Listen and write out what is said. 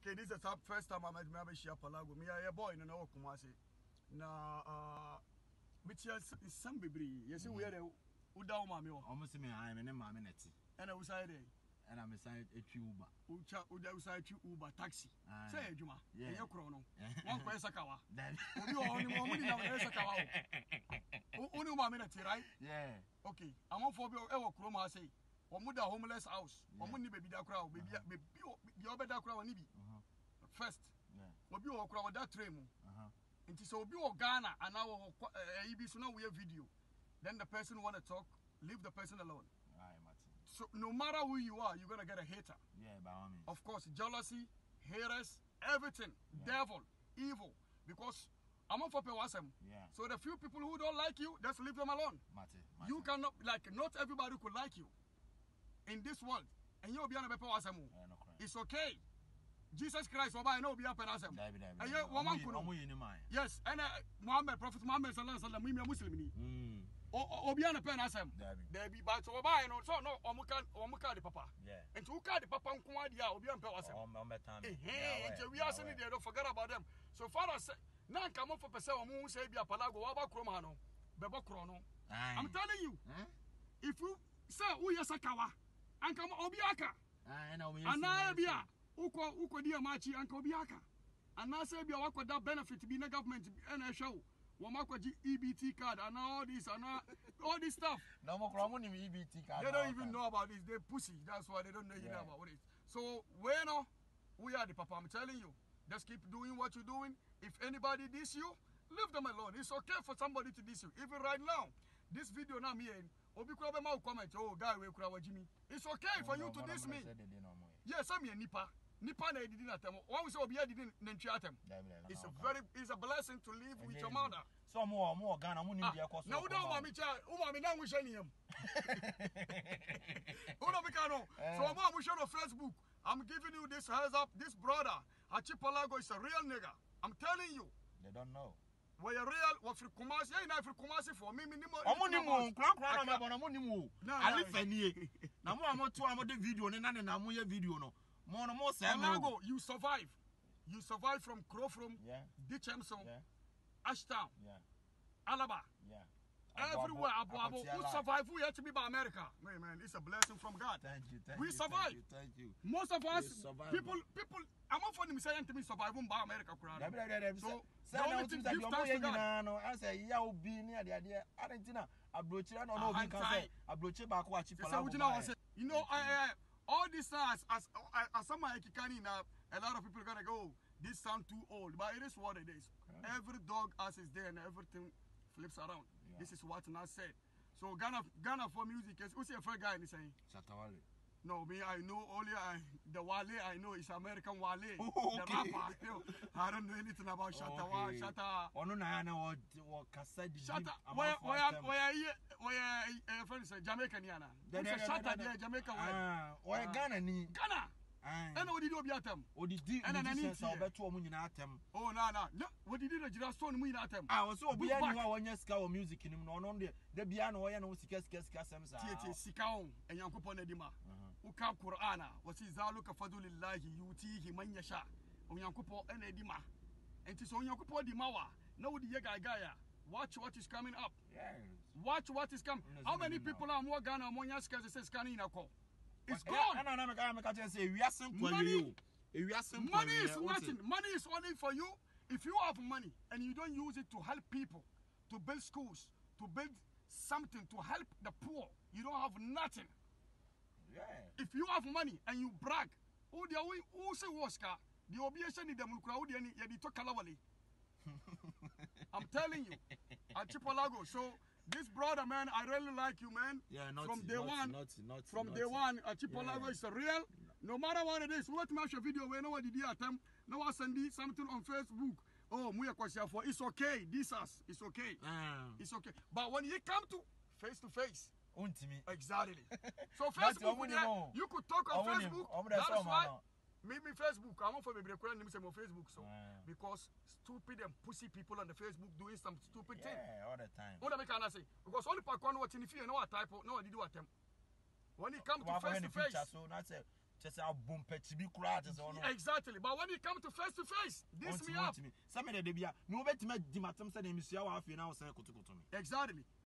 okay this is the first time I met me abehyia palago me a boy no na wɔ Kumasi Now, metia nsɛm bebree yɛsɛ woyɛ dɛ woda wo maame wɔ ɔmo se me ae me ne maame na te ɛna wosae dɛ I'm mesan atwi uber wotwa wode wosan atwi uber taxi sɛ yɛ adwuma ɛyɛ korɔ no woankɔyɛ sakawa obi wɔ hɔ ne ɔmo ne nam ɛyɛ sakawa o wo ne wo maame na te right okay amanfoɔ bi ɛwɔ kurom ha sɛ wɔmo da homeless house ɔmo ne baabi da koraa o baabi a baabi a ɔbɛda koraa wɔ ne bi first obi will kora wɔda tray mu uh-huh. nti sɛ obi wɔ ghana anaa wɔ ɛyi eh, eh, bi so na video then the person wanna talk leave the person alone Aye, so no matter who you are you're gonna get a hater yeah by all means of course jealousy haters everything yeah. devil evil because I'm on for Pewasem. Yeah. So the few people who don't like you, just leave them alone. Mate, mate. You cannot like not everybody could like you in this world. And you'll be on a Pewasem. It's okay. jesus christ ọba yẹn náà obi apẹ n'asẹm ẹyẹ wọn ma nkunu yes ẹnna muhammed prophet muhammed sallallahu alaihi wa sallam mímu muslim ni hmm. obi yẹn pẹ n'asẹm dẹbi bàtọ ọba yẹn náà sọ náà ọmọ ká ọmọ papa nti wọ́n ká papa nkun adi a obi yẹn pẹ w'asẹm nti ewi ase ni deɛ forget about them so far as náà nka mo fọ pẹsẹ ọmọ nwusa ebi apalago wàá bá kuro mu ano bẹ bọ kuro no i'm telling you if you sẹ wúyẹ sẹ kawa anka obi aka anaa ebi a wokɔ wokɔdi ɛma anka obi aka anaasɛ bi wakɔda benefit bi na government ɛna ɛhwɛ wo wọ́n ebt card and all this and all, this stuff. na ọmọ kura wọn ni ebt card. they don't even know about this they pussy that's why they don't know yeah. about it so wey no we are the papa i'm telling you just keep doing what you're doing if anybody diss you leave them alone it's okay for somebody to diss you even right now this video na me end obi kura ma máa comment oh guy wey kura wọ́n jí it's okay oh, for you to diss me yes I'm your nipa nipa na edidi na tɛm wɔn sɛ obi edidi na ntwi atɛm it's a very it's a blessing to live with your mother. sọ mu wọ mu wọ ghana mu ni bi ah, ɛkɔ so. na wúdà wọn mi kyɛ wọn mi náà ń hyɛ nìyẹn mu wọn mi ka no eh. so wọn mu hyɛ no facebook i'm giving you this heads up this brother achipalago is a real nigger. i'm telling you. they don't know. wɔyɛ real wɔfiri kumasi yɛn nyinaa firi kumasi fɔ mi mi ni mo. ɔmu ni mu nkurankura na ɔmu ni mu o ale fɛ ni ye na mu a mo to a mo de video ni na ni na mo yɛ video no mo no mo sɛ mɛ you survive you survive from Krofrom yeah. Dichemson yeah. Ashtown yeah. Alaba. Yeah. Everywhere, Abo Abo, who survive, who yet to be by America. Man, man, it's a blessing from God. Thank you, thank we you. survive. Thank you, thank you. Most of us, people, people, I'm not funny, saying to me, survive by America. So, the only thing give thanks to God. I say, yeah, I'll be near the idea. I don't know. Abrochi, I don't know. Abrochi, back, watch it. You know, I. All these songs, as, as someone like Kikani now, a lot of people are going to go, this sound too old, but it is what it is. Okay. Every dog as is there and everything flips around. Yeah. This is what Nas said. So Ghana, Ghana for music is, who's your first guy in the saying? No, me, I know only I, the Wale I know is American Wale. Oh, okay. The rapper. I don't know anything about Shatta. Oh, okay. Shatta. Ono na yana wa wa kasa di. Shatta. Where where where ye where eh, eh Jamaican yana. Then say Shatta there Jamaica. Ah, where. Ah, where Ghana ni. Ghana. Ɛna odidi obi atam. Odidi odidi sɛ sɛ ɔbɛto ɔmo nyinaa atam. Oh na na na odidi na gyina stone mu nyinaa atam. Ah wɔsɛ obi yɛ ni hɔ a wɔnyɛ sika wɔ music nim na ɔno deɛ dabi a na wɔyɛ na wɔn sika sika sika sɛm saa. Tie sika wɔn ɛnyankopɔn na di ma. Uh -huh. ụka qur'ana wasi zaluka yutihi man yasha onyankopɔ ɛna ma onyankopɔ di ma wa na watch what is coming up yes. watch what is coming how many people are more Ghana more nya sika sɛ sika ne kɔ it's eh, gone ɛna na kyerɛ sɛ o money is nothing money is only for you if you have money and you don't use it to help people to build schools to build something to help the poor you don't have nothing yeah. If you have money and you brag, who the way who say Car the obligation in the Mukra, who the any to Kalawali. I'm telling you, at Chipolago. So this brother man, I really like you, man. Yeah, not from day naughty, one. Naughty, naughty, from naughty. day one, at Chipolago yeah. is real. No matter what it is, what match a video where no one did the attempt, no one send something on Facebook. Oh, Muya Kwasia for it's okay. This us, it's okay. Ah. It's okay. But when you come to face to face, ntumi. exactly so facebook yɛ oh. you could talk on facebook that is why oh. me me facebook àwọn fún mi bèrè kúrẹ́ ní mi sẹ́ mo facebook so mm. because stupid and pussy people on the facebook doing some stupid yeah, thing. yeah all the time. wọ́n dàbí na sè because only pàkó ni wọ́n ti ní fíyẹn náà wà táìpọ̀ náà wà dídí wà tẹ̀m when it come to face to face. wọ́n fẹ́ ní picture so náà sẹ́ kyesɛ abompɛkyi bi koraa kyesɛ exactly but when you come to face to face. this me up. sẹ́mi dẹ̀ dẹ̀ bi a ni wọ́n bɛ tẹ̀mẹ̀ di ma tẹ́m sẹ́ni emisua wà á fi náà sẹ́ni kutukutu mi. exactly